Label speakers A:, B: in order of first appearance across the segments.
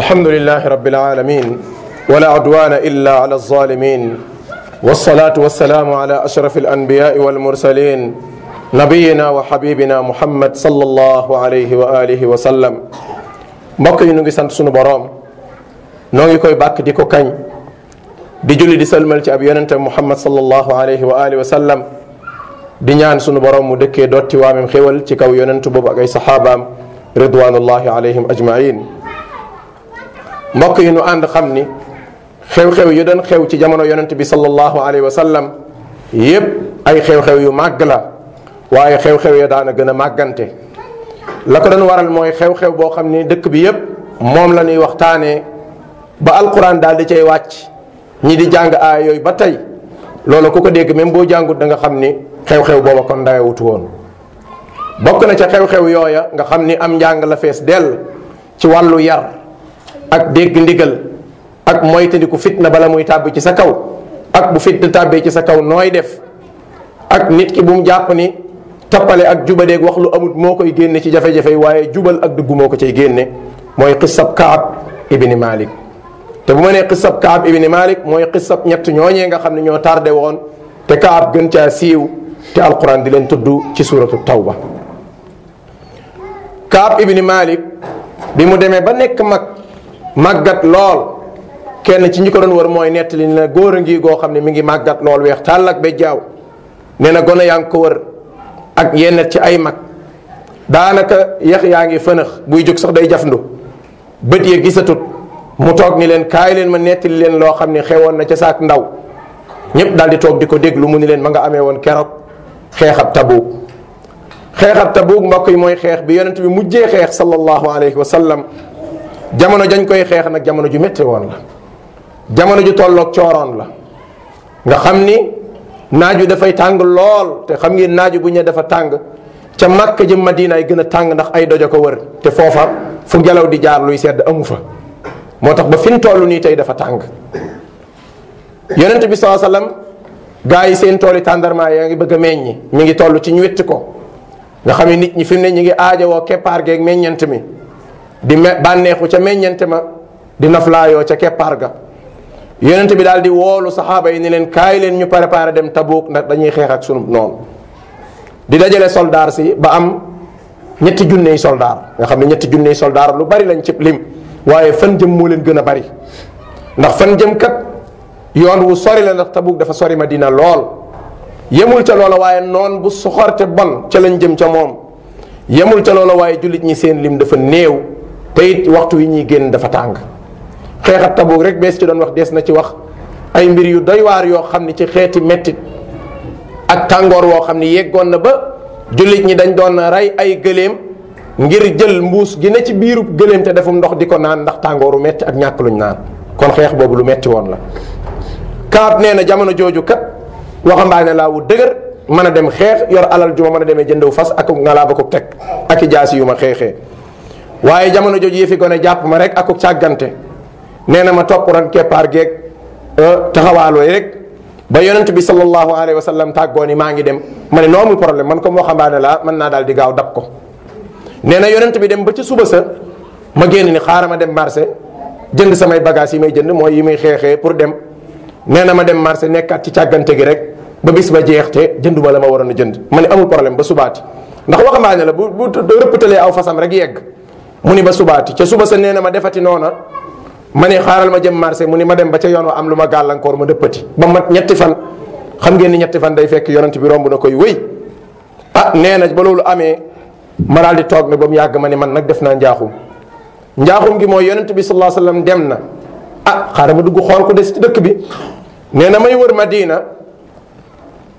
A: الحمد لله رب العالمين ولا عدوان إلا على الظالمين والصلاة والسلام على أشرف الأنبياء والمرسلين نبينا وحبيبنا محمد صلى الله عليه وآله وسلم mbokk yi ñu ngi sant sunu borom noo ngi koy bàkk di ko kañ di julli di salmal ci ab yonente muhammad sallallahu alayhi wa alihi di ñaan sunu borom mu dëkkee dotti waamem xéwal ci kaw yonentu boobu ak ay saxaabaam ridwanullahi alayhim mbokk yi nu ànd xam ni xew-xew yu doon xew ci jamono yonent bi sallallahu alayhi wa sallam yépp ay xew-xew yu màgg la waaye xew-xew ya daana gën a màggante la ko doon waral mooy xew-xew boo xam ni dëkk bi yépp moom la ñuy waxtaanee ba alquran daal di cay wàcc ñi di jàng aay yooyu ba tey loolu ku ko dégg même boo jàngut da nga xam ni xew-xew booba kon ndayewut woon bokk na ca xew-xew yooya nga xam ni am njàng la fees dell ci wàllu yar ak dégg ndigal ak moytandiku fitna bala muy tàbb ci sa kaw ak bu fitna tàbbee ci sa kaw nooy def ak nit ki bu mu jàpp ni tappale ak jubaleek wax lu amut moo koy génne ci jafe-jafe waaye jubal ak dëggu ko cay génne mooy xisab kaab ibni malik te bu ma nekk xisab kaab ibni malik mooy xisab ñett ñooñee nga xam ne ñoo tardé woon te kaab gën caa siiw te di leen tudd ci suratu tawba malik bi mu demee ba nekk mag màggat lool kenn ci ñi ko doon wër mooy nettali ne góor a ngi goo xam ne mi ngi màggat lool weex tàll ak ba jaaw nee na gone yaa ngi ko wër ak yenn ci ay mag daanaka yax yaa ngi fënax buy jóg sax day jafndu bët ya gisatut mu toog ni leen kaay leen ma nettali leen loo xam ne xewoon na ca saak ndaw ñëpp dal di toog di ko déglu mu ni leen ma nga amee woon keroog xeexab tabuuk xeexab tabuuk mbokk yi mooy xeex bi yonent bi mujjee xeex sallallahu alayhi wa sallam jamono jañ koy xeex nag jamono ju métti woon la jamono ju tolloog cooroon la nga xam ni naaj wi dafay tàng lool te xam ngeen naaj bu ñu dafa tàng ca Makka jëm Madina ay gën a tàng ndax ay dojo ko wër te foofa fu ngelaw di jaar luy sedd amu fa moo tax ba fi mu toll nii tey dafa tàng yonent bi saa sallam gaa yi seen tooli tàndarma yaa ngi bëgg a meññi mi ngi toll ci ñu witt ko nga xam ne nit ñi fi ne ñu ngi aajowoo keppaar geek meññeent mi di me bànneexu ca meññante ma di naflaayoo ca keppaar ga yonent bi daal di woolu saxaaba yi ni leen kaay leen ñu préparé dem Tabuk ndax dañuy xeex ak sunu noonu di dajale soldaar si ba am ñetti junney soldaar nga xam ne ñetti junney soldaar lu bari lañ ca lim waaye fan jëm moo leen gën a bari ndax fan jëm kat yoon wu sori la ndax Tabuk dafa sori ma dina lool yemul ca loola waaye noon bu soxor te bon ca lañ jëm ca moom yemul ca loola waaye jullit ñi seen lim dafa néew te it waxtu wi ñuy génn dafa tàng xeexat Tabuk rek bees ci doon wax dees na ci wax ay mbir yu doy waar yoo xam ni ci xeeti mettit ak tàngoor woo xam ni yeggoon na ba jullit ñi dañ doon rey ay gëléem ngir jël mbuus gi ne ci biirub gëléem te defum ndox di ko naan ndax tàngooru metti ak ñàkk luñ naan kon xeex boobu lu metti woon la kaab nee na jamono jooju kat waxambaane laa wu dëgër mën a dem xeex yor alal ju ma mën a demee jëndew fas ak ngalaa ba ko teg ak i yu ma xeexee waaye jamono jooju yëfi gone jàpp ma rek akuk càggante nee na ma topp ran keppaar geeg euh, taxawaalooy rek ba yonent bi sallallahu alayhi wa sallam tàggoo ni maa ngi dem ma ne noo amul problème man comme waxambaane laa man naa daal di gaaw dab ko nee na yonent bi dem ba ci suba sa ma génn ni xaara ma dem marché jënd samay bagages yi may jënd mooy yi may xeexee pour dem nee na ma dem marché nekkaat ci càggante gi rek ba bis ba jeex te jënduma la ma waroon a jënd ma ne amul problème ba subaati ndax waxambaane la bu bu rëppatalee aw fasam rek yegg mu ni ba subaati ca suba sa nee na ma defati noona ma ne xaaral ma jëm marché mu ni ma dem ba ca yoon wa am lu ma gàllankoor ma dëppati ba mat ñetti fan xam ngeen ni ñetti fan day fekk yonent bi romb na koy wéy ah nee na ba loolu amee ma daal di toog ne ba mu yàgg ma ne man nag def naa njaaxum njaaxum gi mooy yonent bi sa alayhi wasallam dem na a ah, xaaral ma dugg xool ko des ci dëkk bi nee na may wër ma Madina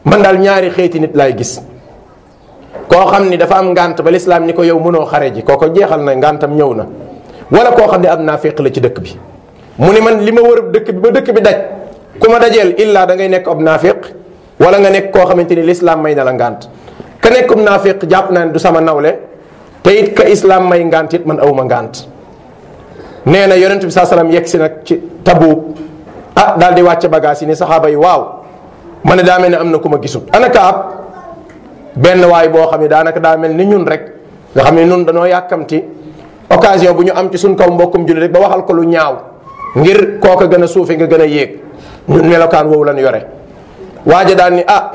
A: man daal ñaari xeeti nit laay gis koo xam ni dafa am ngànt ba lislaam ni ko yow mënoo xare ji kooko jeexal na ngàntam ñëw na wala koo xam ne am naafiq la ci dëkk bi mu ni man li ma war dëkk bi ba dëkk bi daj ku ma dajeel illaa dangay ngay nekk ab naafiq wala nga nekk koo xamante ni lislaam may na la ngànt ka nekk ab naafiq jàpp naa ne du sama nawle tey ka islaam may ngànt it man awma ngànt nee na yonent bi saa salaam yegg si nag ci tabuub ah daal di wàcce bagage yi ni saxaaba yi waaw ma ne daa mel ne am na ku ma gisut ana benn waay boo xam ne daanaka daa mel ni ñun rek nga xam ne ñun dañoo yàkkamti occasion bu ñu am ci suñ kaw mbokkum jullit rek ba waxal ko lu ñaaw ngir kooka gën a suufe nga gën a yéeg ñun melokaan woowu lañ yore waaja daal ni ah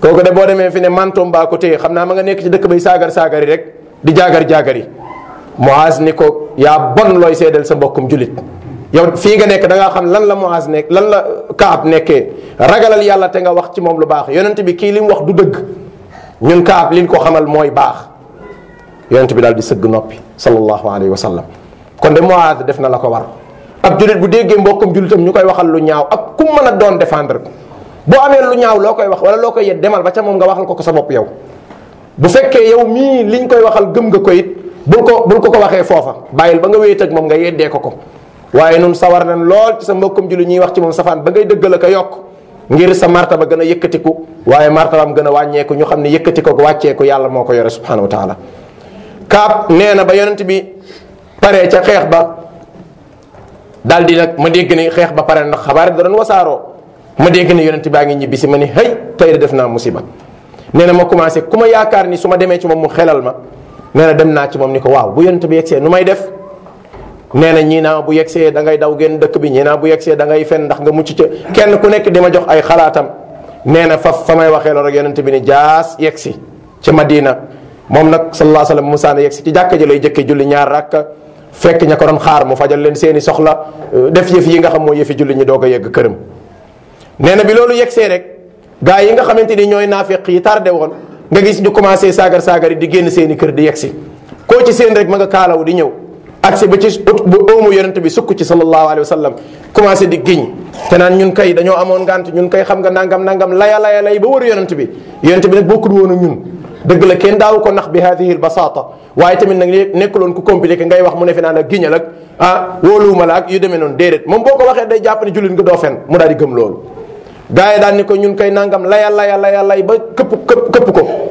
A: kooku de boo demee fi ne mantoom baa ko xam naa ma nga nekk ci dëkk bay saagar saagari rek di jaagar jaagari Muaz ni ko yaa bon looy seedeel sa mbokkum jullit yow fii nga nekk da ngaa xam lan la Muaz nekk lan la Kaab nekkee ragalal yàlla te nga wax ci moom lu baax yonent bi kii li mu wax du dëgg ñun kaab liñ ko xamal mooy baax yonent bi daal di sëgg noppi sallallahu alayhi wa sallam kon de Muaaz def na la ko war ak jullit bu déggee mbokkam jullitam ñu koy waxal lu ñaaw ak ku mën a doon défendre ko boo amee lu ñaaw loo koy wax wala loo koy yet demal ba ca moom nga waxal ko ko sa bopp yow bu fekkee yow mii liñ koy waxal gëm nga koyit it bul ko bul ko ko waxee foofa bàyyil ba nga wéet ak moom nga yeddee ko ko waaye noonu sawar na lool ci sa mbokkam jullit ñuy wax ci moom safaan ba ngay dëggal ak a yokk ngir sa ba gën a yëkkatiku waaye martabaam gën a wàññeeku ñu xam ne yëkkatiku ak wàcceeku yàlla moo ko yore subhanahu wa taala kaab nee na ba yonent bi paree ca xeex ba daal di nag ma dégg ni xeex ba pare ndax xabaar da doon wasaaroo ma dégg ni yonent baa ngi ñibbi si ma ni hey tey de def naa musiba nee na ma commencé ku ma yaakaar ni su ma demee ci moom mu xelal ma nee na dem naa ci moom ni ko waaw bu yonent bi yegsee nu may def nee na ñii naa bu yegsee da daw génn dëkk bi ñii naa bu yegsee da ngay fen ndax nga mucc ca kenn ku nekk di ma jox ay xalaatam nee na fa fa may waxee loolu rek yonente bi ni jaas yegsi ci Madina moom nag sallallahu alayhi wa sallam musaana yegsi ci jàkka ji lay jëkkee julli ñaar rakka fekk ko doon xaar mu fajal leen seeni soxla def yëf yi nga xam mooy yëfi julli ñi doog yegg këram nee na bi loolu yegsee rek gaa yi nga xamante ni ñooy naafeq yi tardé woon nga gis ñu commencé saagar saagar di génn seeni kër di yegsi koo ci seen rek ma nga kaalaw di ñëw accès ba ci ba óomu yonente bi sukk ci sallallahu alayhi wa sallam commencé di giñ te naan ñun kay dañoo amoon ngant ñun kay xam nga nangam nangam laya laya lay ba wër yonente bi yonente bi la kenn daaw ko nax bi hadihi l basata waaye tamit nag nekkuloon ku compliqué ngay wax mu ne fi naan ak giñal ak ah wóoluwuma la ak yu demee moom boo ko waxee day jàpp ne jullit nga doo fen mu daal di gëm loolu gars yi daal ni ko ñun kay nangam laya laya këpp këpp ko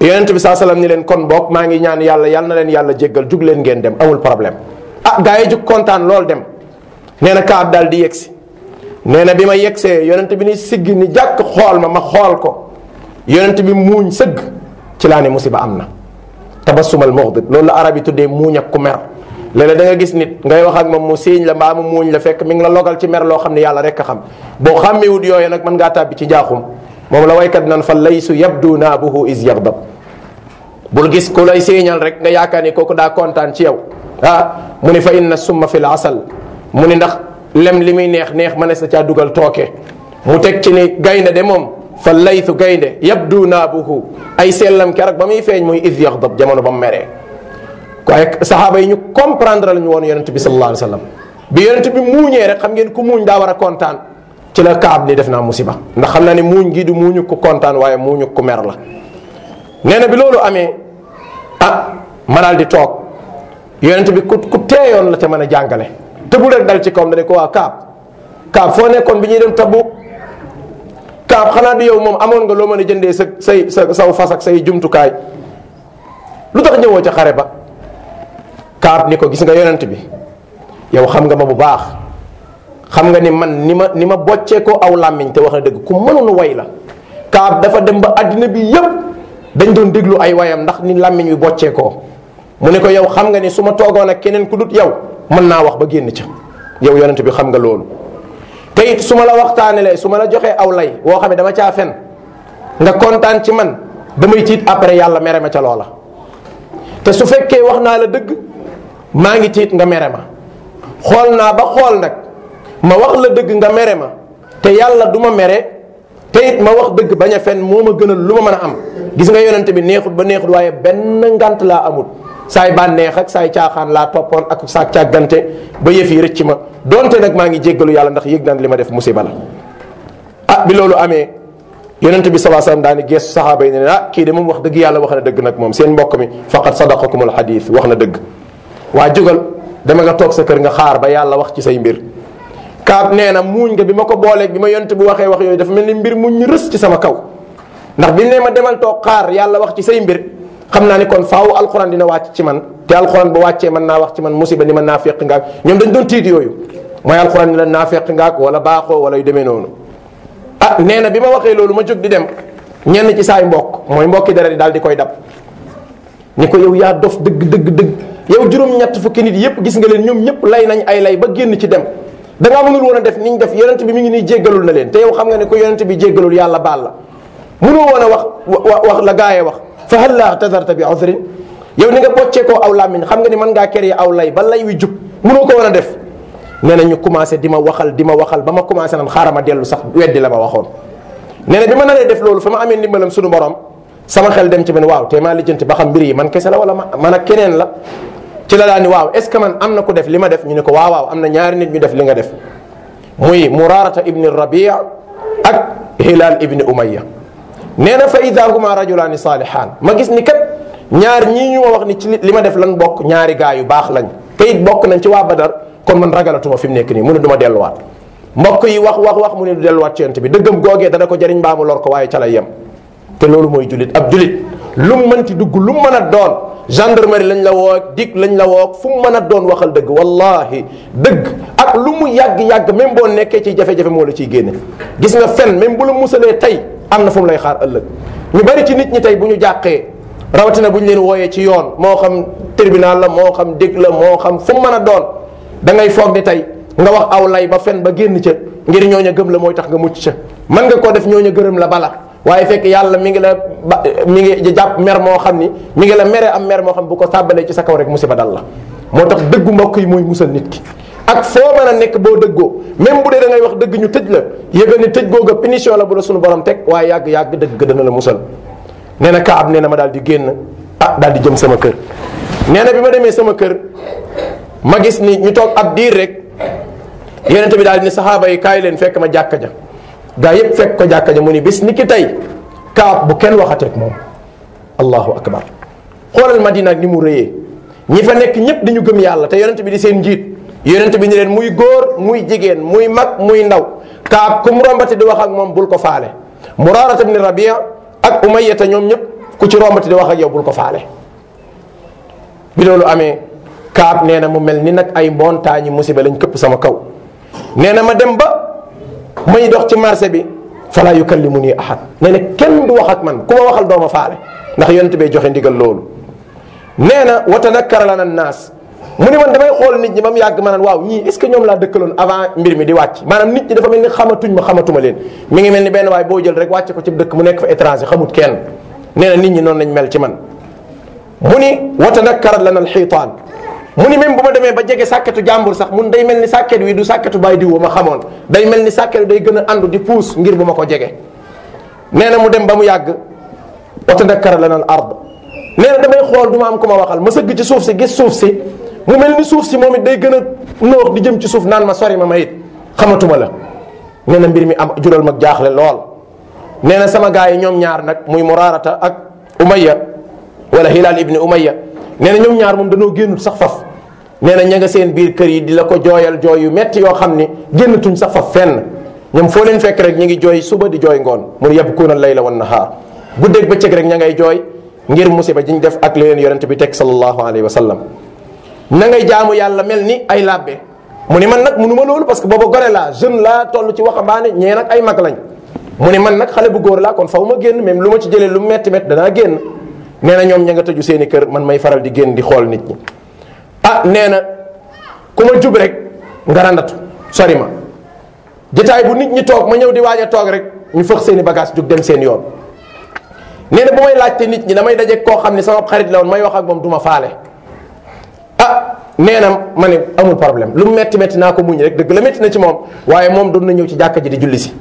A: yonent bi saa salaam ni leen kon boog maa ngi ñaan yàlla yal na leen yàlla jéggal jug leen ngeen dem amul problème ah gars yi jug kontaan lool dem nee na Kaab daal di yegsi nee na bi ma yegsee yonent bi ni siggi ni jàkk xool ma ma xool ko yonent bi muuñ sëgg ci laa ne musiba am na tabassumal mughdib loolu la arab yi tuddee muuñ ak ku mer léeg-léeg da nga gis nit ngay wax ak moom mu siiñ la mbaa mu muuñ la fekk mi ngi la logal ci mer loo xam ne yàlla rek xam boo xàmmewut yooyu nag mën ngaa tàbbi ci jaaxum moom la waykat nan fa laysu yabdu naabuhu is yagdab bul gis ku lay siiñal rek nga yaakaar ni kooku daa kontaan ci yow ah mu ni fa inna summa fi l asal mu ni ndax lem li muy neex neex ma ne sa caa dugal tooke mu teg ci ni gaynde de moom fa laytu gaynde yabdu naabuhu ay sellam keroog ba muy feeñ muy is yagdab jamono ba mu meree waaye saxaaba yi ñu comprendre la ñu woon yonente bi sallallahu alayhi wa bi yonente bi muuñee rek xam ngeen ku muuñ daa war a kontaan ci la kaab ni def naa musiba ndax xam naa ne mu gi du muuñu ko kontaan waaye muuñu ko mer la nee bi loolu amee ah ma daal di toog yonent bi ku ku teeyoon la te mën a jàngale tëbul rek dal ci kawam dane ko waa kaab kaab foo nekkoon bi ñuy dem tabu kaab xanaa du yow moom amoon nga loo mën a jëndee sa say sa saw fas ak say jumtukaay lu tax ñëwoo ca xare ba kaab ni ko gis nga yonent bi yow xam nga ma bu baax xam nga ni man ni ma ni ma bocceekoo aw làmmiñ te wax na dëgg ku mënoon way la kaab dafa dem ba àddina bi yépp dañ doon déglu ay wayam ndax ni làmmiñ wi boccee mu ne ko yow xam nga ni su ma toogoon ak keneen ku dut yow mën naa wax ba génn ca yow yonent bi xam nga loolu te it su ma la waxtaanee waxtaanelee su ma la joxee aw lay woo xam ne dama caa fen nga kontaan ci man damay tiit après yàlla mere ma ca loola te su fekkee wax naa la dëgg maa ngi tiit nga mere ma xool naa ba xool nag ma wax la dëgg nga mere ma te yàlla du ma mere te it ma wax dëgg bañ a fen moo ma gënal lu ma mën a am gis nga yonente bi neexut ba neexut waaye benn ngant laa amut saay bànneex ak saay caaxaan laa toppoon ak saa càggante ba yëf yi rëcc ma donte nag maa ngi jéggalu yàlla ndax yëg naan li ma def musiba la ah bi loolu amee yonente bi salaa salaam daani geesu saxaaba yi ne ah kii de moom wax dëgg yàlla wax na dëgg nag moom seen mbokk mi faqat sadaqakumul xadiis wax na dëgg waa jógal dama nga toog sa kër nga xaar ba yàlla wax ci say Kaab nee na muuñ nga bi ma ko booleeg bi ma yonent bu waxee wax yooyu dafa mel ni mbir mu ñu rës ci sama kaw ndax biñ ne ma demal toog xaar yàlla wax ci say mbir xam naa ni kon faaw alxuraan dina wàcc ci man te alxuraan bu wàccee mën naa wax ci man musiba ni ma naafeq ngaak ñoom dañ doon tiit yooyu mooy alxuraan ni la naafeq ngaak wala baaxoo wala yu demee noonu ah nee na bi ma waxee loolu ma jóg di dem ñenn ci saay mbokk mooy mbokki dara di daal di koy dab ni ko yow yaa dof dëgg dëgg yow juróom fukki nit yépp gis nga leen ñoom ñëpp lay nañ ay lay ba génn ci dem da ngaa mënul woon a def ni ñu def yonent bi mu ngi nii jéggalul na leen te yow xam nga ne ko yonent bi jéggalul yàlla baal la mënoo woon a wax wax la gaay wax fa hal laa tadarta bi uzrin yow ni nga boccee koo aw làmmiñ xam nga ni man ngaa créer aw lay ba lay wi jub mënoo ko woon a def nee na ñu commencé di ma waxal di ma waxal ba ma commencé naan xaaral ma dellu sax weddi la ma waxoon nee na bi ma naree def loolu fa ma amee ndimbalam suñu borom sama xel dem ci man waaw te maa ba xam mbir yi man kese la wala ma man ak keneen la ci la laa ni waaw est ce que man am na ku def li ma def ñu ne ko waaw am na ñaari nit ñu def li nga def muy muraarata ibni rabi ak hilal ibni umaya nee na fa ida huma rajulaani saalihaan ma gis ni kat ñaar ñii ñu ma wax ni ci li ma def lan bokk ñaari gaa yu baax lañ te it bokk nañ ci waa badar kon man ragalatuma fi mu nekk nii mu ne du delluwaat mbokk yi wax wax wax mu ne du delluwaat ci yonent bi dëggam googee dana ko jëriñ mbaa mu lor ko waaye ca lay yem te loolu mooy jullit ab jullit lu mu mënti dugg lu mu mën a doon gendarmerie lañ la woo dig lañ la woo fu mu mën a doon waxal dëgg wallahi dëgg ak lu mu yàgg-yàgg même boo nekkee ci jafe-jafe moo la ciy génne gis nga fen même bu la musalee tey am na fu mu lay xaar ëllëg ñu bari ci nit ñi tey bu ñu jàqee rawatina bu ñu leen wooyee ci yoon moo xam tribunal la moo xam dégg la moo xam fu mu mën a doon da ngay foog ni tey nga wax aw lay ba fen ba génn ca ngir ñooña gëm la mooy tax nga mucc ca mën nga koo def ñooña gërëm la bala waaye fekk yàlla mi ngi la ba mi ngi jàpp mer moo xam ni mi ngi la mere am mer moo xam bu ko sàbbalee ci sa kaw rek musiba dal la moo tax dëggu mbokk yi mooy musal nit ki ak foo mën a nekk boo dëggoo même bu dee da wax dëgg ñu tëj la yëgal ni tëj googa punition la bu la suñu borom teg waaye yàgg-yàgg dëgg dana la musal nee na kaab nee na ma daal di génn ah daal di jëm sama kër nee na bi ma demee sama kër ma gis ni ñu toog ab diir rek yenente bi daal di ne saxaaba yi leen fekk ma jàkka ja gaa yëpp fekk ko jàkka ja mu ni bis ni ki tey kaab bu kenn waxateeg moom allahu akbar xoolal madina ak ni mu rëyee ñi fa nekk ñëpp di ñu gëm yàlla te yonent bi di seen njiit yonent bi ni leen muy góor muy jigéen muy mag muy ndaw kaab ku mu rombati di wax ak moom bul ko faale muraarata bni rabia ak umayata ñoom ñëpp ku ci rombati di wax ak yow bul ko faale bi loolu amee kaab nee na mu mel ni nag ay montagne musiba lañ këpp sama kaw nee na may dox ci marché bi fala yukallimuni ahad nee na kenn du wax ak man ku ma waxal dooma faale ndax yonent bee joxe ndigal loolu nee na wa tanakkara lana naas mu ni man damay xool nit ñi ba mu yàgg ma naan waaw ñii est ce que ñoom laa dëkkaloon avant mbir mi di wàcc maanaam nit ñi dafa mel ni xamatuñ ma xamatuma leen mi ngi mel ni benn waay boo jël rek wàcce ko ci dëkk mu nekk fa étranger xamut kenn nee nit ñi noon lañ mel ci man mu ni wa tanakkarat lana alxiitaan mu ni même bu ma demee ba jege sàkketu jàmbur sax mun day mel ni sàkket wi du sàkketu bàyyi diw ma xamoon day mel ni sàkket wi day gën a àndu di puus ngir bu ma ko jege nee na mu dem ba mu yàgg watadakkara lana al ard nee na damay xool du ma am ku ma waxal ma sëgg ci suuf si gis suuf si mu mel ni suuf si moom it day gën a noox di jëm ci suuf naan ma sori ma may it xamatuma la nee mbir mi am jural mag jaaxle lool nee na sama gars yi ñoom ñaar nag muy muraarata ak umayya wala hilal ibni umayya nee na ñoom ñaar moom danoo génnul sax faf nee na ña nga seen biir kër yi di la ko jooyal jooy yu metti yoo xam ni génnatuñ sax fa fenn ñoom foo leen fekk rek ñu ngi jooy suba di jooy ngoon mun yabkuuna layla wan nahaar guddeeg bëccëg rek ña ngay jooy ngir musiba jiñ def ak li leen bi teg sallallahu alayhi wa sallam na ngay jaamu yàlla mel ni ay labbe mu ni man nag munuma loolu parce que booba gone laa jeune laa toll ci waxambaane ñee nag ay mag lañ mu ne man nag xale bu góor laa kon faw ma génn même lu ma ci jëlee lu metti metti danaa génn nee na ñoom ña nga tëju seen i kër man may faral di génn di xool nit ñi ah nee na ku ma jub rek nga randatu sori ma jotaay bu nit ñi toog ma ñëw di waaj a toog rek ñu fëx seen i bagage jug dem seen yoon nee na bu laaj laajte nit ñi damay daje koo xam ne sama xarit la woon may wax ak moom du ma faale ah nee na ma ne amul problème lu metti metti naa ko muñ rek dëgg la metti na ci moom waaye moom doon na ñëw ci jàkka ji di julli si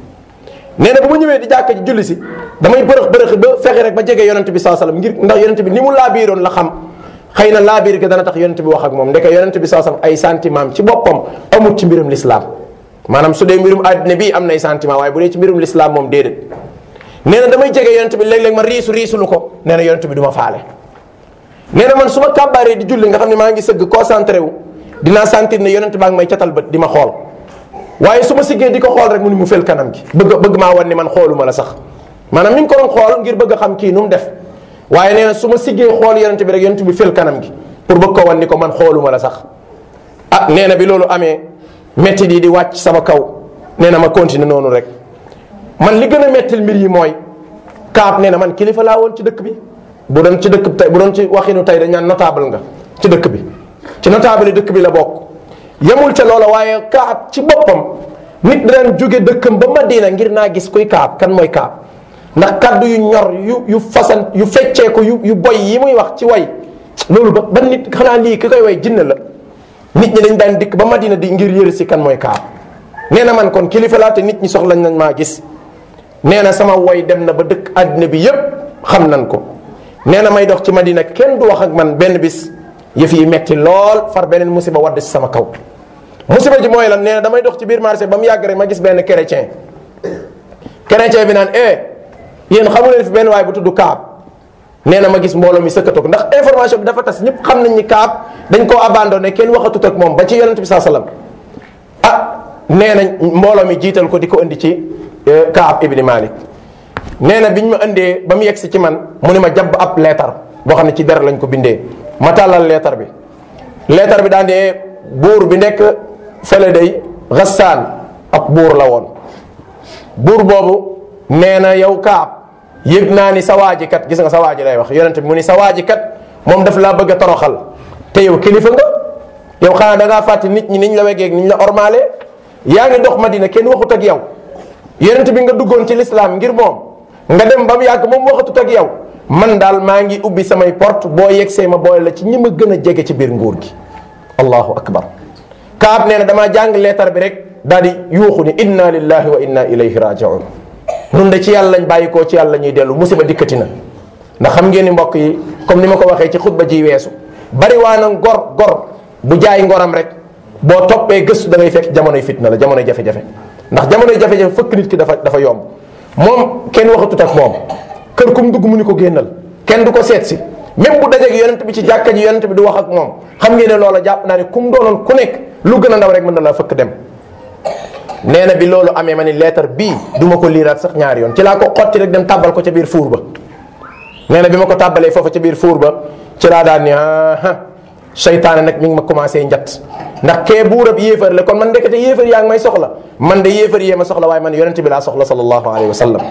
A: nee na bu ma ñëwee di jàkka ji julli si damay bërëx bërëx ba fexe rek ba jege yonent bi sa sallam ngir ndax yonent bi ni mu laabiiroon la xam xëy na laa biir gi dana tax yonent bi wax ak moom ndeke yonent bi saasam ay sentiment ci boppam amut ci mbirum lislaam maanaam su dee mbirum àddina bi am nay sentiment waaye bu dee ci mbirum lislaam moom déedéet nee na damay jege yonent bi léeg-léeg ma riisu riisu lu ko nee na yonent bi du ma faale nee na man su ma kàbbaaree di julli nga xam ne maa ngi sëgg concentré wu dinaa sentir ne yonent baa ngi may catal bët di ma xool waaye su ma siggee di ko xool rek mu ni mu fel kanam gi bëgg bëgg maa wan ni man xooluma la sax maanaam mi ngi ko doon xool ngir bëgg xam kii nu mu def waaye nee na su ma siggee xool yonent bi rek yonent bi fël kanam gi pour bëgg ko wan ni ko man xooluma la sax ah nee na bi loolu amee métti di di wàcc sama kaw nee na ma continuer noonu rek man li gën a méttil mbir yi mooy kaab nee na man kilifa laa woon ci dëkk bi bu doon ci dëkk tey bu doon ci waxinu tey dañ notable nga ci dëkk bi ci notable dëkk bi la bokk yemul ca loola waaye kaab ci boppam nit daan jóge dëkkam ba Madina ngir naa gis kuy kaab kan mooy kaab ndax kàddu yu ñor yu yu fasan yu feccee ko yu yu boy yi muy wax ci way loolu ba ba nit xanaa lii ki koy way jinne la nit ñi dañ daan dikk ba madina di ngir yëre si kan mooy kaar nee na man kon kilifa laa te nit ñi soxlañ nañ maa gis nee na sama woy dem na ba dëkk àddina bi yépp xam nan ko nee na may dox ci madina kenn du wax ak man benn bis yëf yi metti lool far beneen musiba wadd si sama kaw musiba ji mooy lan nee damay dox ci biir marché ba mu yàgg ma gis benn chrétien chrétien bi naan eh, yéen xamu leen fi benn waay bu tuddu Kaab nee na ma gis mbooloo mi sëkkatoo ko ndax information bi dafa tas ñëpp xam nañ ni Kaab dañ koo abandonné kenn waxatut ak moom ba ci yonent bi saa salaam ah nee na mbooloo mi jiital ko di ko indi ci eh, Kaab ibni Malik nee na biñ ma indee ba mu yegg si ci man mu ne ma jabb ab leetar boo xam ne ci der lañ ko bindee ma tàllal leetar bi leetar bi daan ne buur bi nekk fële day Gassaan ab buur la woon buur boobu. nee na yow kaab yëg naa ni sa waaji kat gis nga sa waaji lay wax yonente bi mu ni sa waaji kat moom daf laa bëgg a toroxal te yow kilifa nga yow xanaa da ngaa fàtte nit ñi niñ la wegeeg niñ la ormaale yaa ngi dox madina kenn waxut ak yow yonente bi nga duggoon ci lislaam ngir moom nga dem ba mu yàgg moom waxatut ak yow man daal maa ngi ubbi samay porte boo yegsee ma boole la ci ñi ma gën a jege ci biir nguur gi allahu akbar kaab nee na damaa jàng leetar bi rek daal di yuuxu ni inna lillahi wa inna ilayhi rajiun nun de ci yàlla lañ bàyyikoo ci yàlla ñuy dellu musiba dikkati na ndax xam ngeen ni mbokk yi comme ni ma ko waxee ci xutba ji weesu bari waa na gor gor bu jaay ngoram rek boo toppee gëstu da ngay fekk jamonoy fitna la jamonoy jafe-jafe ndax jamonoy jafe-jafe fëkk nit ki dafa dafa yomb moom kenn waxatut ak moom kër kum dugg mu ni ko génnal kenn du ko seet si même bu dajeeg yonent bi ci jàkka ji yonent bi du wax ak moom xam ngeen ne loola jàpp naa ne kum doonoon ku nekk lu gën a ndaw rek mën na laa fëkk dem nee na bi loolu amee ma ni lettre bii du ma ko liiraat sax ñaari yoon ci laa ko xotti rek dem tàbbal ko ca biir fuur ba nee na bi ma ko tàbbalee foofa ca biir fuur ba ci laa daan ni ah seytaane nag mi ngi ma commencé njat ndax kee buurab yéefar la kon man ndekete yéefar yaa ngi may soxla man de yéefar yee ma soxla waaye man yonente bi laa soxla sallallahu alayhi wa sallam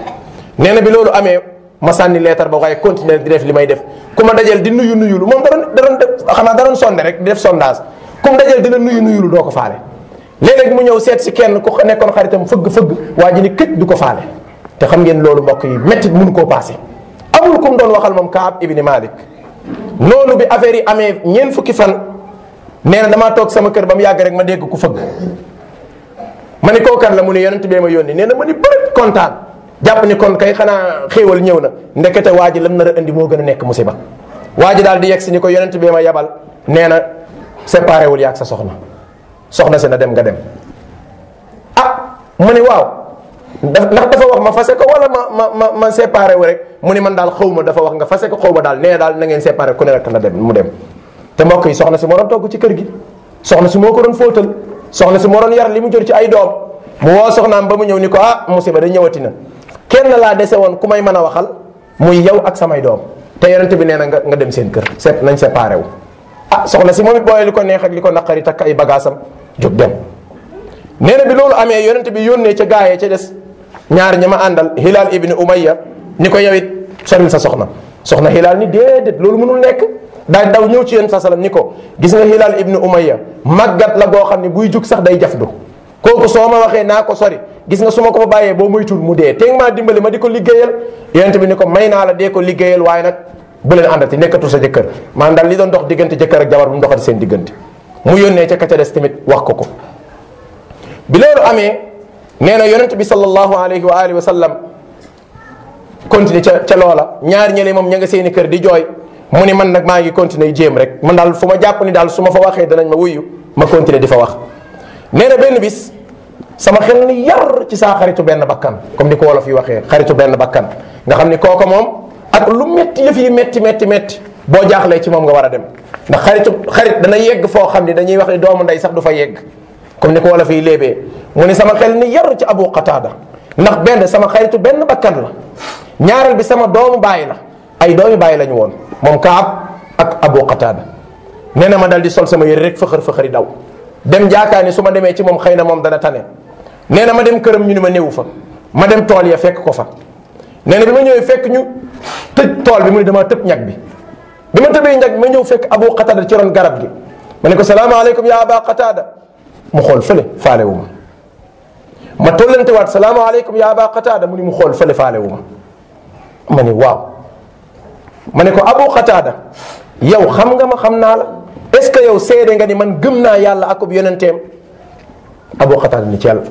A: nee na bi loolu amee ma sànni leetar ba waaye continuer di def li may def ku ma dajal di nuyu nuyulu moom daroon daroon def xanaa daroon sonde rek di def sondage ku ma dajal nuyu nuyulu ko faale léeg-léeg mu ñëw seet si kenn ku nekkoon xaritam fëgg-fëgg waa ji ni këj du ko faale te xam ngeen loolu mbokk yi métti mun koo paase amul ku mu doon waxal moom Kaab ibni Malik noonu bi affaire yi amee ñeent fukki fan nee na damaa toog sama kër ba mu yàgg rek ma dégg ku fëgg ma ni kookan la mu ne yonent bee ma yónni nee na ma ni bëri kontaan jàpp ni kon kay xanaa xéewal ñëw na ndekete waa ji lam nar a indi moo gën a nekk musiba waa ji daal di yegg si ni ko yonent bee ma yabal nee na séparé wul ak sa soxna. soxna si na dem nga dem ah mu ni waaw ndax dafa wax ma fase ko wala ma ma ma ma séparé wu rek mu ni man daal xaw ma dafa wax nga fase ko xaw ma daal nee daal na ngeen séparé ku ne rek na dem mu dem te mbokk yi soxna si moo doon ci kër gi soxna si moo ko doon fóotal soxna si moo doon yar li mu jur ci ay doom mu woo soxnaam ba mu ñëw ni ko ah musiba da ñëwati na kenn laa dese woon ku may mën a waxal muy yow ak samay doom te yonent bi nee na nga nga dem seen kër seet nañ séparé wu ah soxna si moom it booyee li ko neex ak li ko naqari takk ay bagaasam jóg dem nee na bi loolu amee yonente bi yónnee ca gaa gaayee ca des ñaar ña ma àndal Hilal ibni Umayya ni ko yow it soril sa soxna soxna Hilal ni déedéet loolu mënul nekk daal daw ñëw ci yéen sa salam ni ko gis nga Hilal ibni Umayya màggat la boo xam ne buy jóg sax day jafdu kooku soo ma waxee naa ko sori gis nga su ma ko fa bàyyee boo muy moytul mu dee teeg maa dimbali ma di ko liggéeyal yonente bi ni ko may naa la dee ko liggéeyal waaye nag bu leen àndati nekkatu sa jëkkër maanaam daal li doon dox diggante jëkkër ak jabar bu mu doxati seen diggante mu yónnee ca ka des tamit wax ko ko bi amee nee na yonent bi sallallahu alayhi wa alihi wa sallam continuer ca ca loola ñaar ñële moom ña nga seeni kër di jooy mu ni man nag maa ngi continuer jéem rek man daal fu ma jàpp ni daal su ma fa waxee danañ ma wuyu ma continuer di fa wax nee na benn bis sama xel ni yar ci saa xaritu benn bakkan comme ni ko la yi waxee xaritu benn bakkan nga xam ni kooka moom ak lu metti yëf yi metti metti metti boo jaaxlee ci moom nga war a dem ndax xaritu xarit dana yegg foo xam ne dañuy wax ne doomu ndey sax du fa yegg comme ni ko wala fiy léebee mu sama xel ni yar ci abu qataada ndax benn sama xaritu benn bakkan la ñaareel bi sama doomu baay la ay doomi baay lañu woon moom kaab ak abu qataada nee na ma dal di sol sama yére rek fëxër daw dem jaakaar ni su ma demee ci moom xëy na moom dana tane nee na ma dem këram ñu ni ma néewu fa ma dem tool ya fekk ko fa bi ma ñëwee fekk ñu tëj tool bi mu ne damaa tëb ñag bi bi ma tëbee ñag bi ma ñëw fekk abu qatada ci ron garab gi ma ne ko salaamaaleykum yaa aba qatada mu xool fële faale ma ma tollante waat salaamaaleykum ya aba qatada mu ni mu xool fële faale wu ma ma ni waaw ma ne ko abu qatada yow xam nga ma xam naa la est ce que yow seede nga ni man gëm naa yàlla akub yonenteem abu qatada ni ci yàlla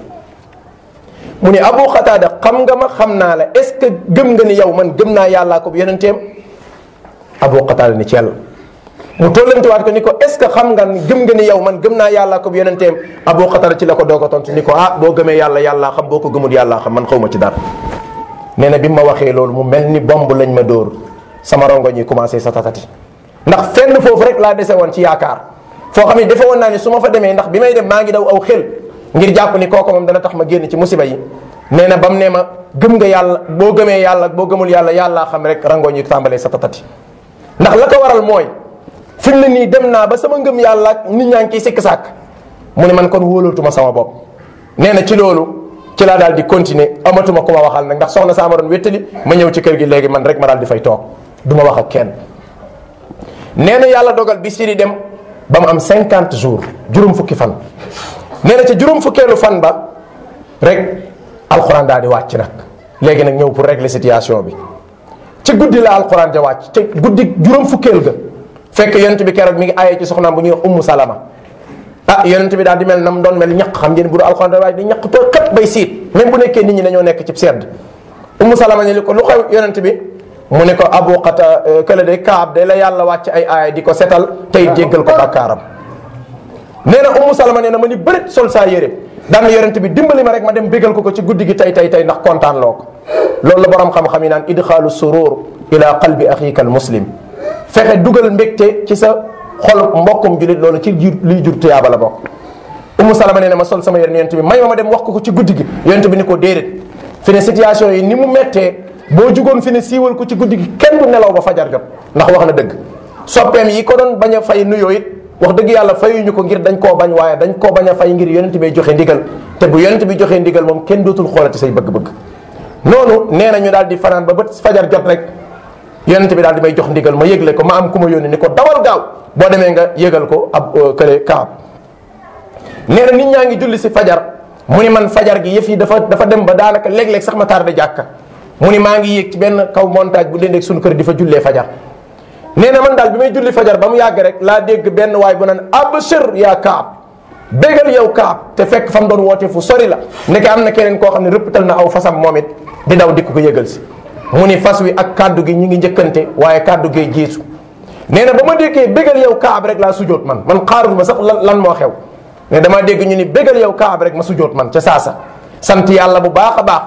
A: mu ne Abu Xataada xam nga ma xam naa la est-ce que gëm nga ni yow man gëm naa yàllaa ko yonenteem Abu Xataada ni Thiel mu waat ko ni ko est-ce que xam nga gëm nga ni yow man gëm naa yàllaa ko yonenteem Abu Xataada ci la ko doog a tontu ni ko ah boo gëmee yàlla yàllaa xam boo ko gëmul yàllaa xam man xaw ma ci dara nee na bi ma waxee loolu mu mel ni bomb lañ ma dóor sama rongo yi commencé sa tatati ndax fenn foofu rek laa dese woon ci yaakaar foo xam ne defe naa ni su ma fa demee ndax bi may dem maa ngi daw aw xel ngir jàpp ni kooku moom dana tax ma génn ci musiba yi nee na ba mu ne ma gëm nga yàlla boo gëmee yàlla boo gëmul yàlla yàllaa xam rek rangoñ yi tàmbalee sa tatati ndax la ko waral mooy fi mu ne nii dem naa ba sama ngëm yàlla ak nit ñaa ngi ciy sikk sàkk mu ne man kon wóolatuma sama bopp nee na ci loolu ci laa daal di continuer amatuma ku ma waxal nag ndax soxna saa ma doon wéttali ma ñëw ci kër gi léegi man rek ma daal di fay toog du ma wax ak kenn nee na yàlla dogal bi si dem ba mu am 50 jours juróom fukki fan nee na ca juróom fukkeelu fan ba rek alxuraan daal di wàcc nag léegi nag ñëw pour régler situation bi ca guddi la alxuraan ja wàcc ca guddi juróom fukkeel ga fekk yonent bi keroog mi ngi ayee ci soxnaam bu ñuy wax ummu salama ah yonent bi daal di mel nam doon mel ñaq xam ngeen bu du alxuraan da waaye di ñaq too xët bay siit même nekkee nit ñi dañoo nekk ci sedd ummu salama ne li ko lu xew yonent bi mu ne ko abu xata kële day kaab day la yàlla wàcc ay aaya di ko setal tey jéggal ko bàkkaaram nee na Ummu Salama nee na ma ni bërit sol saa yére daan yonent bi dimbali ma rek ma dem bégal ko ko ci guddi gi tey tey tay ndax kontaan ko loolu la boroom xam-xam yi naan idxaalu surur ila qalbi axika al muslim fexe dugal mbégte ci sa xol mbokkum julit loolu ci jur liy jur tuyaaba la bokk Ummu Salama nee na ma sol sama yére yonent bi may ma dem wax ko ko ci guddi gi yonent bi ni ko déedéet fi ne situation yi ni mu méttee boo jugoon fi ne siiwal ko ci guddi gi kenn du nelaw ba fajar ndax wax na dëgg soppeem yi ko doon bañ a fay nuyoo it wax dëgg yàlla fayuñu ko ngir dañ koo bañ waaye dañ koo bañ a fay ngir yonent may joxe ndigal te bu yonent bi joxe ndigal moom kenn dootul xoolati say bëgg-bëgg noonu nee na ñu daal di fanaan ba bët fajar jot rek yonent bi daal di may jox ndigal ma yëgle ko ma am ku ma yónni ni ko dawal gaaw boo demee nga yëgal ko ab euh, kële kaab nee na nit ñaa ngi julli si fajar mu ni man fajar gi yëf yi dafa dafa dem ba daanaka léeg-léeg sax ma tardé jàkka mu ni maa ngi yéeg ci benn kaw montage bu leen ak suñu kër di fa jullee fajar nee na man daal bi may julli fajar ba mu yàgg rek laa dégg benn waay bu naan abshir yaa kaab bégal yow kaab te fekk fa mu doon wootee fu sori la ndeke am na keneen koo xam ne rëppatal na aw fasam moom it di daw dikk ko yëgal si mu ni fas wi ak kaddu gi ñu ngi njëkkante waaye kaddu gi jiitu nee na ba ma déggee bégal yow kaab rek laa sujoot man man xaarul ma sax lan lan moo xew ne damaa dégg ñu ni bégal yow kaab rek ma sujoot man ca saasa sant yàlla bu baax a baax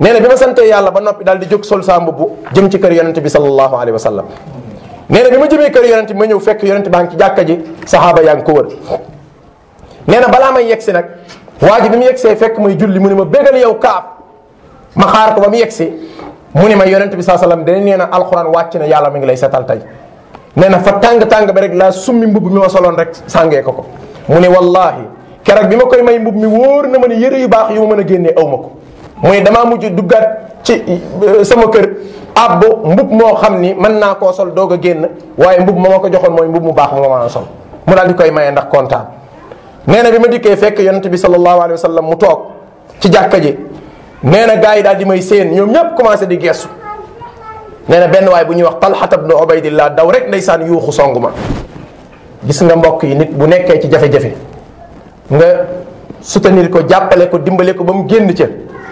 A: nee na bi ma yàlla ba noppi daal di jóg sol saa mbubb jëm ci kër yonente bi sallallahu alayhi wa sallam nee na bi ma jëmee kër yonent bi ma ñëw fekk yonent baa ngi ci jàkka ji saxaaba yaa ngi ko wër nee balaa may yegsi nag waa ji bi mu yegsee fekk may julli mu ne ma bégal yow kaab ma xaar ko ba mu yegsi mu ne ma yonent bi saa salaam dañ nee na alxuraan wàcc na yàlla mi ngi lay setal tay nee na fa tàng-tàng ba rek laa summi mbubb mi ma soloon rek sàngee ko ko mu ne wallaahi keroog bi ma koy may mbubb mi wóor na ma ne yëre yu baax yu ma mën a génnee aw ma ko mu ne àbb mbub moo xam ni mën naa koo sol doog a génn waaye mbub ma ma ko joxoon mooy mbub mu baax ma ma sol mu daal di koy maye ndax kontaan nee na bi ma dikkee fekk yonente bi sallallahu alayhi wa sallam mu toog ci jàkka ji nee na gars yi daal di may séen ñoom ñëpp commencé di geesu nee na benn waay bu ñuy wax talxata bnu obaydillah daw rek ndeysaan yuuxu song ma gis nga mbokk yi nit bu nekkee ci jafe-jafe nga soutenir ko jàppale ko dimbale ko ba mu génn ca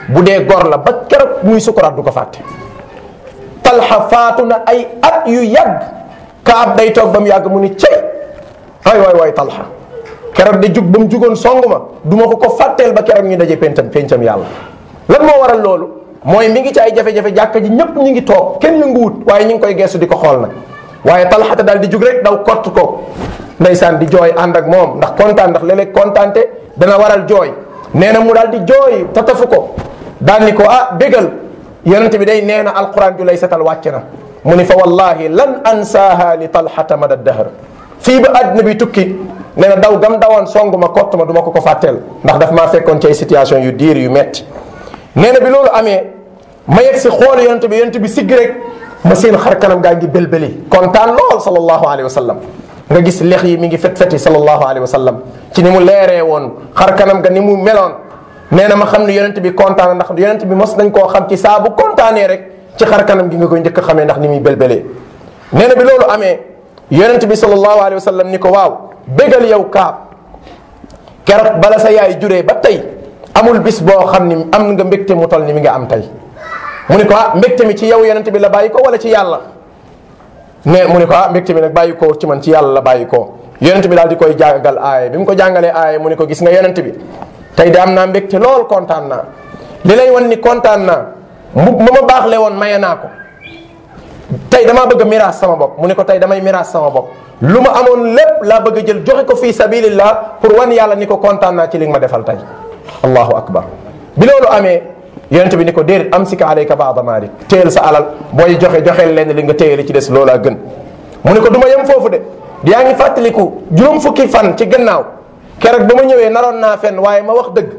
A: bu dee gor la ba keroog muy sukuraat du ko fàtte talxa faatu na ay at yu yàgg kaab day toog ba mu yàgg mu ni cey ay waay waay talxa keroog de jug ba mu jugoon song ma du ma ko ko fàtteel ba keroog ñu daje pentam pencam yàlla lan moo waral loolu mooy mi ngi ci ay jafe-jafe jàkka ji ñépp ñu ngi toog kenn ñu waaye ñu ngi koy gestu di ko xool nag waaye talxata daal di jug rek daw kott ko saan di jooy ànd ak moom ndax kontaan ndax léeg-léeg kontaante dana waral jooy nee na mu daal di jooy tatafu yonente bi day nee na alquran ju lay setal wàcc na mu ni fa wallahi lan ansaaha li talxata mada dahar fii ba àddina bi tukki nee na daw gam dawaan song ma kott ma du ma ko ko fàtteel ndax daf maa fekkoon ci ay situation yu diir yu metti nee na bi loolu amee ma yegg si xool yonente bi yonente bi sigg rek ma seen xar kanam gaa kon tan kontaan lool sallallahu alayhi wa sallam nga gis lex yi mi ngi fet feti sallallahu alayhi wa sallam ci ni mu leeree woon xar kanam ga ni mu meloon nee na ma xam ne yonent bi kontaan ndax yonent bi mos nañ koo xam ci saa bu kontaanee rek ci xar kanam gi nga ko njëkk a xamee ndax ni muy belbelee nee na bi loolu amee yonent bi sallallahu alayhi wa sallam ni ko waaw bégal yow kaab keroog bala sa yaay juree ba tey amul bis boo xam ni am nga mbégte mu toll ni mi nga am tey mu ni ko ah mbégte mi ci yow yonent bi la bàyyi ko wala ci yàlla ne mu ni ko ah mbégte mi nag bàyyi ko ci man ci yàlla la bàyyi ko yonent bi daal di koy jàngal aaya bi ko jàngalee aaya mu ni ko gis nga yonent bi tey de am naa mbégte lool kontaan na li lay wan ni kontaan na mbub ma ma baax le woon maye naa ko tey damaa bëgg a miraas sama bopp mu ne ko tey damay miraas sama bopp lu ma amoon lépp laa bëgg jël joxe ko fii sabilillah pour wan yàlla ni ko kontaan naa ci li nga ma defal tey allahu akbar bi loolu amee yonente bi ni ko déedéet am sika alayka baada maalik téyel sa alal booy joxe joxeel leen li nga téye li ci des loolaa gën mu ne ko du ma yem foofu de yaa ngi fàttaliku juróom fukki fan ci gannaaw keroog ba ma ñëwee naroon naa fenn waaye ma wax dëgg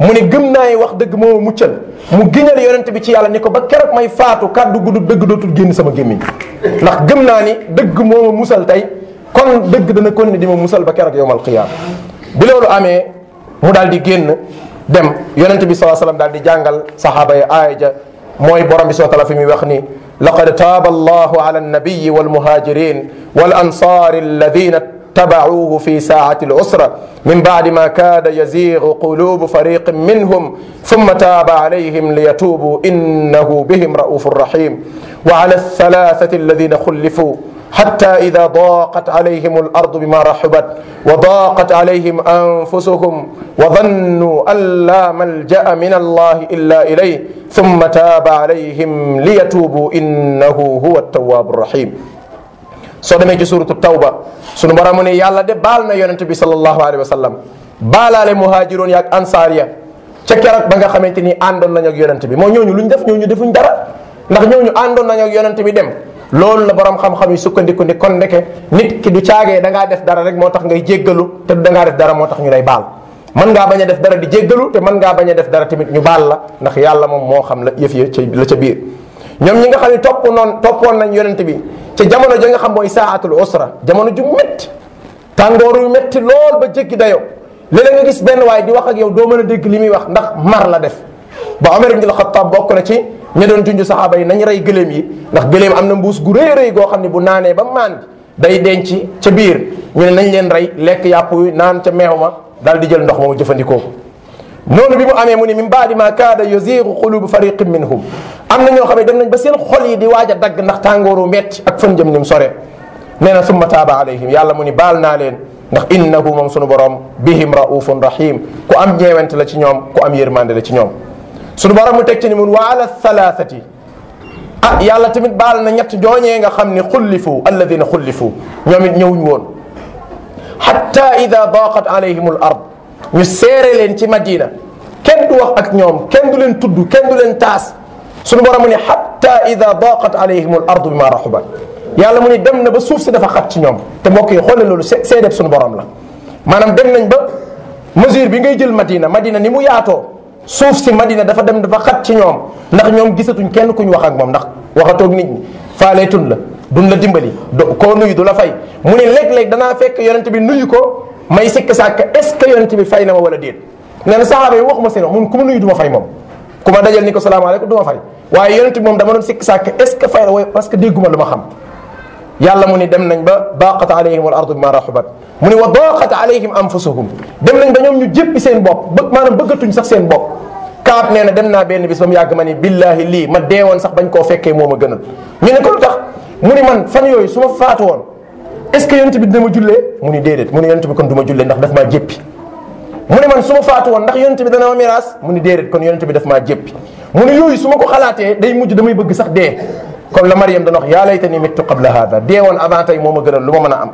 A: mu ne gëm naay wax dëgg moo muccal mu giñal yonent bi ci yàlla ni ko ba keroog may faatu kàddu gudu dëgg dootul génn sama gémmiñ ndax gëm naa ni dëgg moo ma musal tey kon dëgg dana kon ni di ma musal ba keroog yowmal qiyaam bi loolu amee mu daal di génn dem yonent bi sallallahu alayhi wasallam daal di jàngal saxaaba yi aaya mooy borom bi sootala fi muy wax ni laqad taaba allahu ala annabiyi walmuhajirin wal ansari alladina tabacuuhu fi saacati alusra min bacdi ma kaada yaziigu quluubu fariqin minhum summa taaba calayhim liyatuubuu innahu bihim ra'uufu raxiim wa cala althalathati alladina xullifuu حتى إذا ضاقت عليهم الأرض بما رحبت وضاقت عليهم أنفسهم وظنوا أن لا ملجأ من الله إلا إليه ثم تاب عليهم ليتوبوا إنه هو التواب الرحيم soo demee ci suuratu tawba sunu borom mu ne yàlla de baal na yonent bi sallallahu alayhi wa sallam baalaale muhaajiroon ya ak ansaar ya ca keroog ba nga xamante ni àndoon nañ ak yonent bi moo ñu lu ñu def ñooñu defuñ dara ndax ñu àndoon nañ ak yonent bi dem loolu la borom xam-xam yi sukkandiku ni kon ndeke nit ki du caagee dangaa ngaa def dara rek moo tax ngay jéggalu te du da ngaa def dara moo tax ñu lay baal mën ngaa bañ a def dara di jéggalu te mën ngaa bañ a def dara tamit ñu baal la ndax yàlla moom moo xam la yëf ya ca la ca biir ñoom ñi nga xam ne topp nañ yonent bi ca jamono ja nga xam mooy saatul usra jamono ju métti tàngoor yu métti lool ba jéggi dayoo léeg gis benn waay di wax ak yow doo mën a dégg li muy wax ndax mar la def ba Omar ibn al-Khattab bokk na ci ña doon junj saxaaba yi nañ rey gëléem yi ndax gëléem am na mbuus gu rëy rey goo xam ne bu naanee ba maan day denci ca biir ñu ne nañ leen rey lekk yàpp yu naan ca meew ma daal di jël ndox ma jëfandikoo ko noonu bi mu amee mu ne min baadi ma kaada yuziigu qulubu fariqin minhum am na ñoo xam ne dem nañ ba seen xol yi di waaj a dagg ndax tàngooru metti ak fan jëm ni mu sore nee na summa taaba alayhim yàlla mu ni baal naa leen ndax innahu moom sunu borom bihim raufun rahim ku am ñeewante la ci ñoom ku am yërmande la ci ñoom sunu borom mu teg ci ni mun wa ala thalathati ah yàlla tamit baal na ñett jooñee nga xam ni xullifu alladina xullifu ñoom it ñëwuñ woon hatta ida daqat alayhim al ard ñu seere leen ci madina kenn du wax ak ñoom kenn du leen tudd kenn du leen taas suñu borom mu ne xatta ida daqat alayhim al ardu bima raxubat yàlla mu ne dem na ba suuf si dafa xat ci ñoom te mbokk yi xoolal loolu seedeb suñu borom la maanaam dem nañ ba mesure bi ngay jël madina madina ni mu yaatoo suuf si madina dafa dem dafa xat ci ñoom ndax ñoom gisatuñ kenn kuñ wax ak moom ndax waxatoog nit ñi faaleetun la duñ la dimbali do koo nuyu du la fay mu ne léeg-léeg danaa fekk yonent bi nuyu ko may sikk sàkk est ce que bi fay na ma wala déet nee na moom ku ma dajal ni ko salaamaaleykum du ma fay waaye yonent moom dama doon sikk sàkk est ce fay la way parce que dégguma lu ma xam yàlla mu ni dem nañ ba daqat alayhim wal ardu bima raxubat mu ni wa daqat alayhim anfusuhum dem nañ ba ñoom ñu jéppi seen bopp bëgg maanaam bëggatuñ sax seen bopp kaab nee dem naa benn bis ba mu yàgg ma ni billaahi lii ma deewoon sax bañ koo fekkee moo ma gënal ne ko lu mu ni man fan yooyu su ma faatu woon est ce que yonent bi mu ni déedéet bi kon du ma jullee ndax daf maa jéppi mu ne man su ma faatu woon ndax yonent bi dana ma miraas mu ni déedéet kon yonent bi daf maa jéppi mu ne yooyu su ma ko xalaatee day mujj damay bëgg sax dee comme la Mariam dana wax yaa laytani mittu qabla hada dee woon avant tey moo ma gënal lu ma mën a am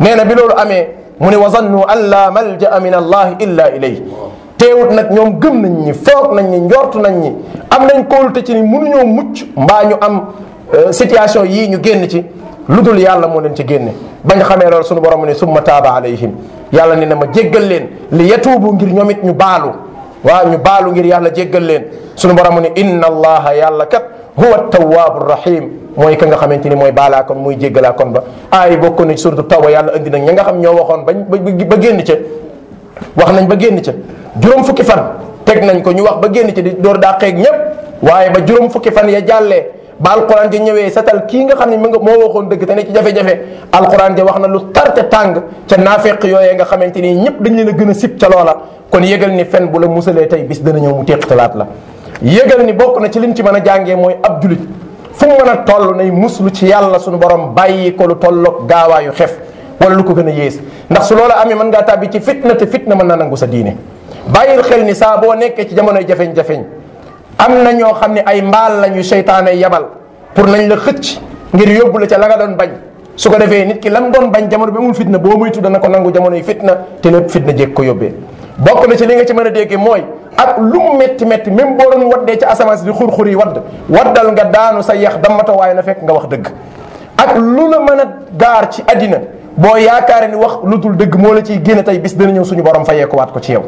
A: nee na bi loolu amee mu ne wa zannu an la malja min allahi illa ilayhi teewut nag ñoom gëm nañ ñi foog nañ ñi njortu nañ ñi am nañ kóolute ci ni mënuñoo mucc mbaa ñu am euh, situation yii ñu génn ci lu dul yàlla moo leen ci génne bañ xamee loolu sunu borom ne summa taaba alayhim yàlla ne na ma jéggal leen li yatuubu ngir ñoom it ñu baalu waaw ñu baalu ngir yàlla jéggal leen sunu borom ne inna allaha yàlla kat huwa tawaabu rahim mooy ka nga xamante ni mooy baalaa kon muy jéggalaa kon ba aay bokk na surtout tawba yàlla andi nag ña nga xam ñoo waxoon bañ ba génn ca wax nañ ba génn ca juróom fukki fan teg nañ ko ñu wax ba génn ca di door daa xeeg ñépp waaye ba juróom ba alquran ji ñëwee sa tal kii nga xam ne mu nga moo waxoon dëgg te ci jafe-jafe alquran ji wax na lu tar te tàng ca naafeq yooyee nga xamante ni ñëpp dañ leen a gën a sib ca loola kon yëgal ni fen bu la musalee tey bis dana ñëw mu talaat la yëgal ni bokk na ci liñ ci mën a jàngee mooy ab julit fu mu mën a toll nay muslu ci yàlla sunu borom bàyyi ko lu tolloog gaawaayu xef wala lu ko gën a yées ndax su loola amee man ngaa tàbbi ci fitna te fitna mën naa nangu sa diine bàyyil xel ni saa boo nekkee ci jamonoy jafeñ-jafeñ am na ñoo xam ne ay mbaal lañu seytaane yabal pour nañ la xëcc ngir yóbbu la ca la nga doon bañ su ko defee nit ki lam doon bañ jamono bi amul fitna boo muytu dana ko nangu jamono yi fitna te lépp fitna jéeg ko yóbbee bokk na ci li nga ci mën a déggee mooy ak lu mu métti métti même boo doon waddee ci asamaan si di xur yi wadd waddal nga daanu sa yax dammata waaye na fekk nga wax dëgg ak lu la mën a gaar ci àddina boo yaakaare ni wax lu dul dëgg moo la ciy génne tey bis dana ñëw suñu borom fayeekuwaat ko ci yow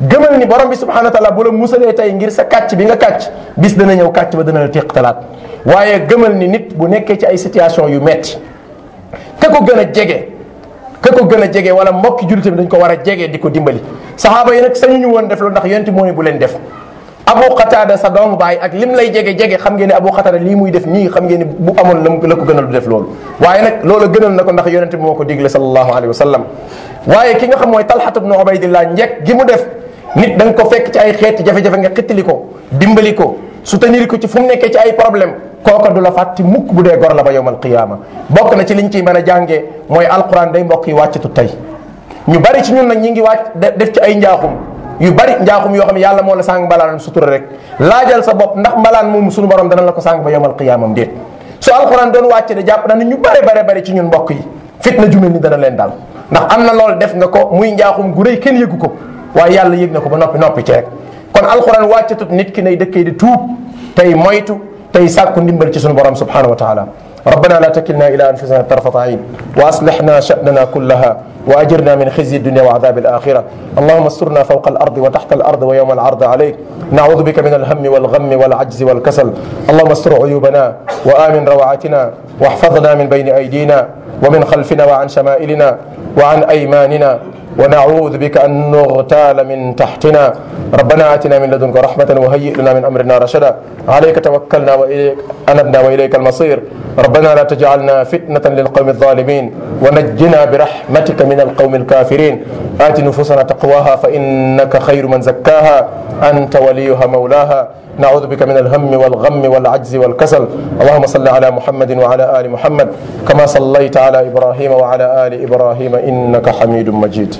A: gëmal ni borom bi subhanahu wa taala bu la musalee tey ngir sa kàcc bi nga kàcc bis dana ñëw kàcc ba dana la talaat waaye gëmal ni nit bu nekkee ci ay situation yu metti ka ko gën a jege ka ko gën a jege wala mbokki jullitam dañ ko war a jege di ko dimbali saxaaba yi nag sañuñu woon def loolu ndax yonti moo ne bu leen def abu xataada sa doomu baay ak lim lay jege-jege xam ngeen ne abu xataada lii muy def nii xam ngeen ne bu amoon la la ko gënal du waaye nag loola gënal na ko ndax yonente bi moo ko digle sallallahu alayhi wa sallam waaye ki nga xam mooy talxat ibnu ubaydillah njekk gi mu def nit da nga ko fekk ci ay xeeti jafe-jafe nga xittali ko dimbali ko su soutenir ko ci fu mu nekkee ci ay problème kooka du la fàtti mukk bu dee gor la ba yowmal qiyaama bokk na ci liñ ciy mën a jàngee mooy alquran day mbokk yi wàccatu tey ñu bari ci ñun nag ñi ngi wàcc def ci ay njaaxum yu bari njaaxum yoo xam ne yàlla moo la sàng mbalaan sutura rek laajal sa bopp ndax mbalaan moom suñu borom dana la ko sàng ba yowmal qiyaamam soo su alquran doon wàcce de jàpp na ni ñu bare bari ci ñun mbokk yi fitna jumel ni dana leen daal ndax am na loolu def nga ko muy njaaxum gu rëy kenn yëgu ko waaye yàlla yëg na ko ba noppi noppi ci rek kon alxuraan wàccatut nit ki nay dëkkee di tuub tey moytu tey sàkku ndimbal ci sunu borom subhanahu wa taala rabbana la takilna ila anfusina tarfata ayn wa aslihna sha'nana kullaha wa ajirna min xizyi dunya wa adhabi alakhira allahuma asturna fawqa alardi wa taxta alardi wa yawma alardi alayk nacudu bika min alhammi walgammi walajzi walkasal allahuma astur uyubana wa amin rawacatina wa axfadna min bayni aydina wa min xalfina wa an shamailina wa an aymanina ونعوذ بك أن نغتال من تحتنا ربنا آتنا من لدنك رحمة وهيئ لنا من أمرنا رشدا عليك توكلنا وإليك أنبنا وإليك المصير ربنا لا تجعلنا فتنة للقوم الظالمين ونجنا برحمتك من القوم الكافرين آت نفوسنا تقواها فإنك خير من زكاها أنت وليها مولاها نعوذ بك من الهم والغم والعجز والكسل اللهم صل على محمد وعلى آل محمد كما صليت على إبراهيم وعلى آل إبراهيم إنك حميد مجيد